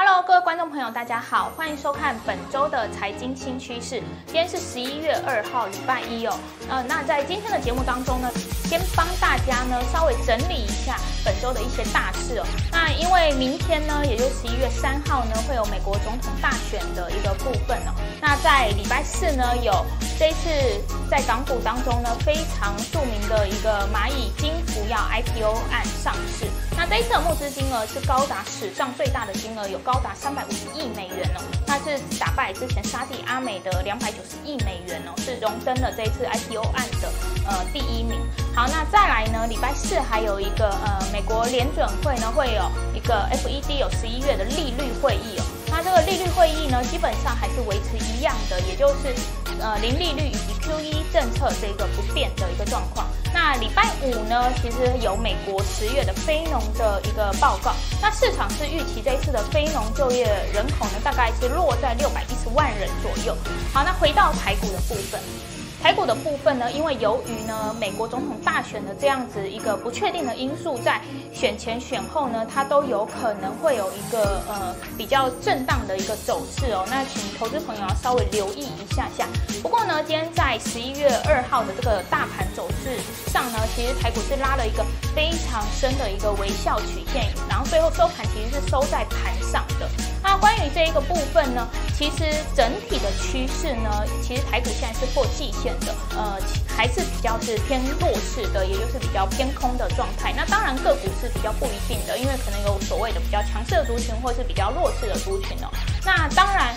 Hello，各位觀眾朋友，大家好，歡迎收看本周的財經新趨勢。今天是十一月二號，禮拜一哦。呃那在今天的節目當中呢，先幫大家呢稍微整理一下本周的一些大事哦。那因為明天呢，也就是十一月三號呢，會有美國總統大選的一個部分哦。那在禮拜四呢，有這一次在港股當中呢非常著名的一個螞蟻金服要 IPO 案上市。這一次的募資金額是高達史上最大的金額，有高達三百五十億美元哦，那是打敗之前沙地阿美的兩百九十億美元哦，是榮登了這一次 IPO 案的呃第一名。好，那再來呢，禮拜四還有一個呃，美國聯準會呢，會有一個 FED 有十一月的利率會議哦。那這個利率會議呢，基本上還是維持一樣的，也就是呃零利率以及 QE 政策這個不變的一個狀況。那禮拜五呢，其實有美國十月的非農的一個報告，那市場是預期這一次的非農就業人口呢，大概是落在六百一十萬人左右。好，那回到台股的部分。台股的部分呢，因為由於呢美國總統大選的這樣子一個不確定的因素，在選前選後呢，它都有可能會有一個呃比較震盪的一個走勢哦。那請投資朋友要稍微留意一下下。不過呢，今天在十一月二號的這個大盤走勢上呢，其實台股是拉了一個非常深的一個微笑曲線，然後最後收盤其實是收在盤上的。那、啊、關於這一個部分呢，其實整體的趨勢呢，其實台股現在是破季線，的呃，還是比較是偏弱勢的，也就是比較偏空的狀態。那當然個股是比較不一定的，因為可能有所謂的比較強勢的族群或是比較弱勢的族群哦、喔。那當然，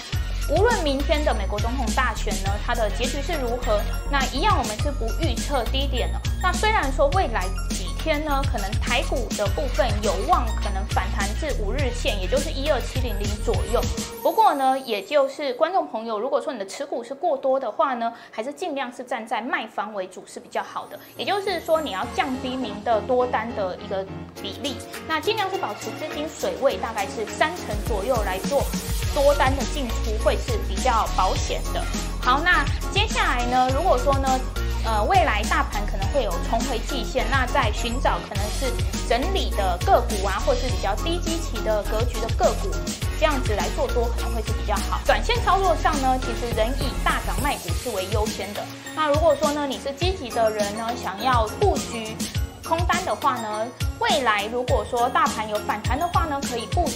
無論明天的美國總統大選呢，它的結局是如何，那一樣我們是不預測低點的、喔。那雖然說未來幾天呢，可能台股的部分有望可能反彈至五日線，也就是一二七零零左右。不過呢，也就是觀眾朋友，如果說你的持股是過多的話呢，還是儘量是站在賣方為主是比較好的。也就是說，你要降低您的多單的一個比例，那儘量是保持資金水位大概是三成左右來做多單的進出會是比較保險的。好，那接下來呢，如果說呢，呃，未來大盤可能會有重回季線，那在尋找可能是整理的個股啊，或者是比較低基期的格局的個股，這樣子來做多可能會是比較好。短線操作上呢，其實仍以大漲賣股是為優先的。那如果說呢，你是積極的人呢，想要布局空單的話呢，未來如果說大盤有反彈的話呢，可以布。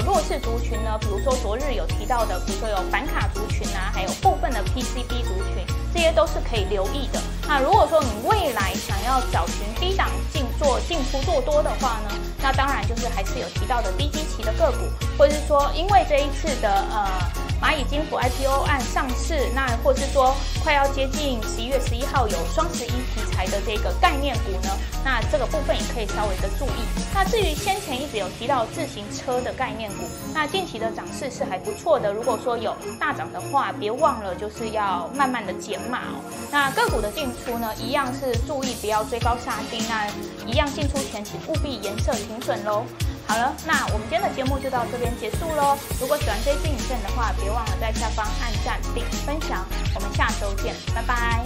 弱勢族群呢，比如說昨日有提到的，比如說有板卡族群啊，還有部分的 PCB 族群，這些都是可以留意的。那如果說你未來想要找尋低檔進做進出做多的話呢，那當然就是還是有提到的低基期的個股，或者是說因為這一次的呃。螞蟻金服 IPO 案上市，那或是說快要接近十一月十一號有雙十一題材的這個概念股呢，那這個部分也可以稍微的注意。那至於先前一直有提到自行車的概念股，那近期的漲勢是還不錯的。如果說有大漲的話，別忘了就是要慢慢的減碼哦。那個股的進出呢，一樣是注意不要追高殺低、啊，那一樣進出前請務必嚴設停損嘍。好了，那我們今天的節目就到這邊結束嘍。如果喜歡這些影片的話，別忘了在下方按讚並分享。我們下周見，拜拜。